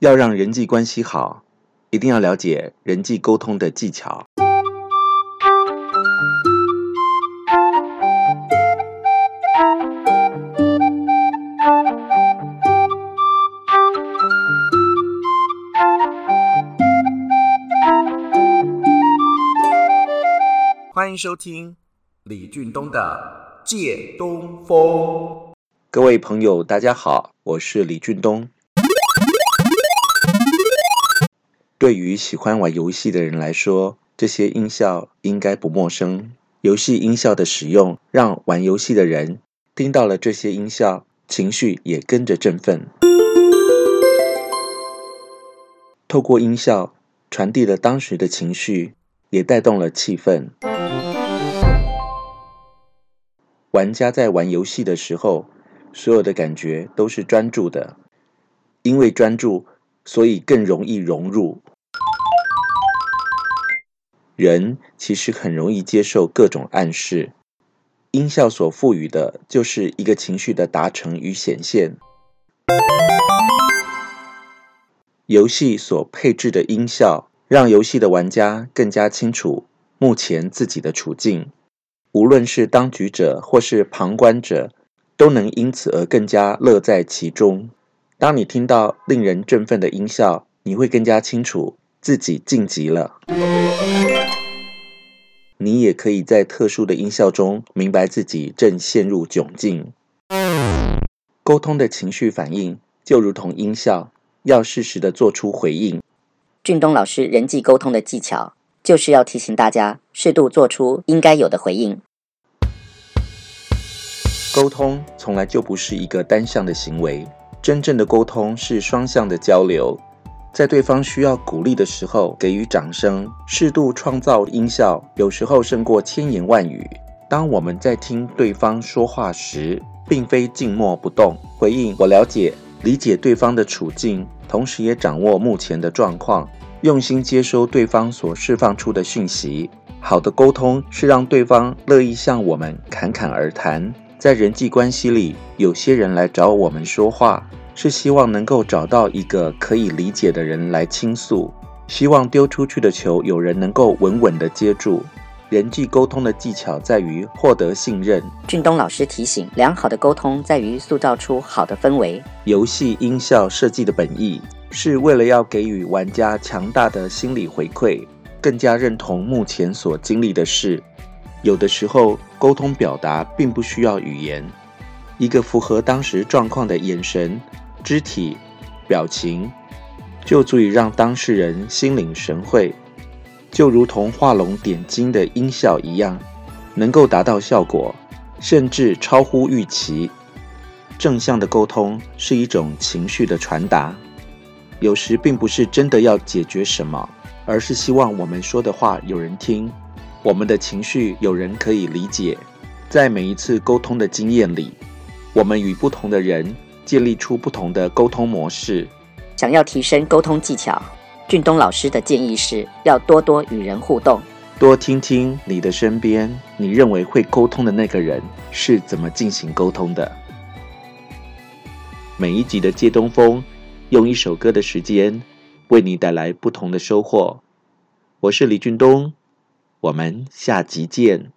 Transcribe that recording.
要讓人際關係好，一定要了解人際溝通的技巧。歡迎收聽李俊東的《借東風》。各位朋友，大家好，我是李俊東。對於喜歡玩遊戲的人來說，這些音效應該不陌生。遊戲音效的使用，讓玩遊戲的人聽到了這些音效，情緒也跟着振奮。透過音效傳遞了當時的情緒，也帶動了氣氛。玩家在玩遊戲的時候，所有的感覺都是專注的，因為專注，所以更容易融入。人其實很容易接受各種暗示，音效所賦予的就是一個情緒的達成與顯現。遊戲所配置的音效，讓遊戲的玩家更加清楚目前自己的處境。無論是當局者或是旁觀者，都能因此而更加樂在其中。當你聽到令人振奮的音效，你會更加清楚。自己晉級了，你也可以在特殊的音效中明白自己正陷入窘境。溝通的情緒反應就如同音效，要適時的做出回應。俊東老師人際溝通的技巧就是要提醒大家適度做出應該有的回應。溝通從來就不是一個單向的行為，真正的溝通是雙向的交流。在對方需要鼓勵的時候，給予掌聲；適度創造音效，有時候勝過千言萬語。當我們在聽對方說話時，並非靜默不動，回應我了解、理解對方的處境，同時也掌握目前的狀況，用心接收對方所釋放出的訊息。好的溝通是讓對方樂意向我們侃侃而談。在人際關係裡，有些人來找我們說話。是希望能夠找到一個可以理解的人來傾訴，希望丟出去的球有人能夠穩穩地接住。人際溝通的技巧在於獲得信任。俊東老師提醒：良好的溝通在於塑造出好的氛圍。遊戲音效設計的本意是為了要給予玩家強大的心理回饋，更加認同目前所經歷的事。有的時候，溝通表達並不需要語言，一個符合當時狀況的眼神。肢體、表情，就足以讓當事人心領神會，就如同畫龍點睛的音效一樣，能夠達到效果，甚至超乎預期。正向的溝通是一種情緒的傳達，有時並不是真的要解決什麼，而是希望我們說的話有人聽，我們的情緒有人可以理解。在每一次溝通的經驗裡，我們與不同的人。建立出不同的溝通模式，想要提升溝通技巧，俊東老師的建議是要多多與人互動，多聽聽你的身邊，你認為會溝通的那個人是怎麼進行溝通的。每一集的借東風，用一首歌的時間，為你帶來不同的收穫。我是李俊東，我們下集見。